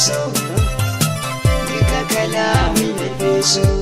so duka kalamin da so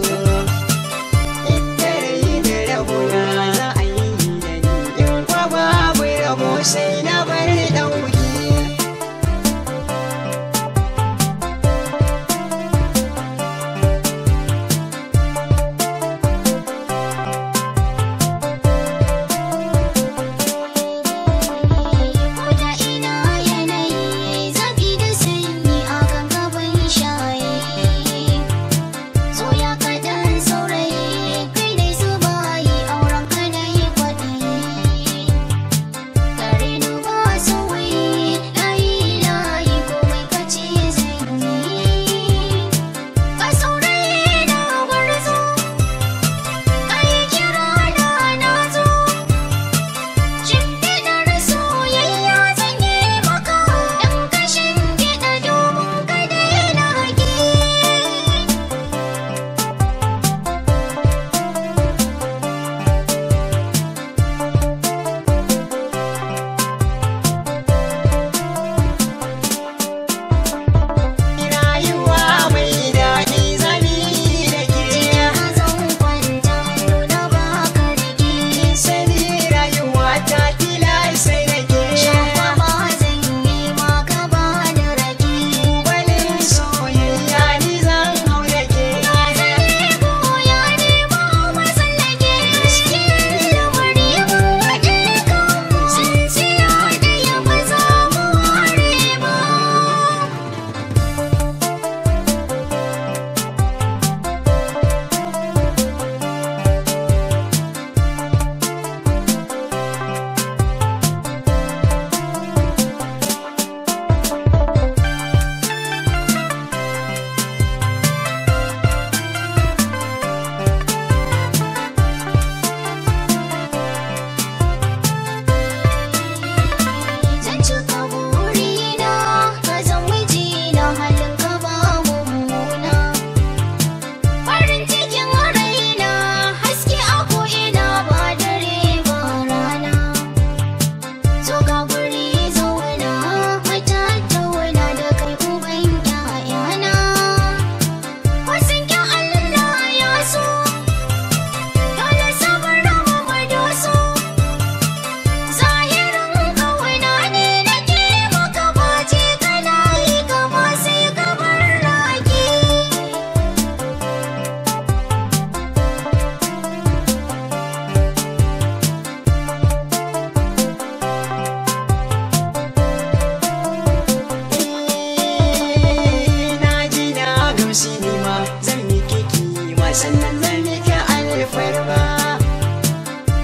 sannan zan yi kyan alifar ba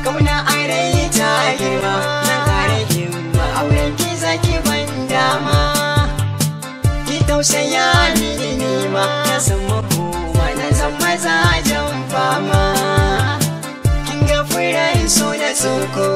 kauna rai ta girma na kare himma auren ki zaki ban dama ki tausaya ni nima na san makoma na zan mazajen fama kin ga furen so da tsoko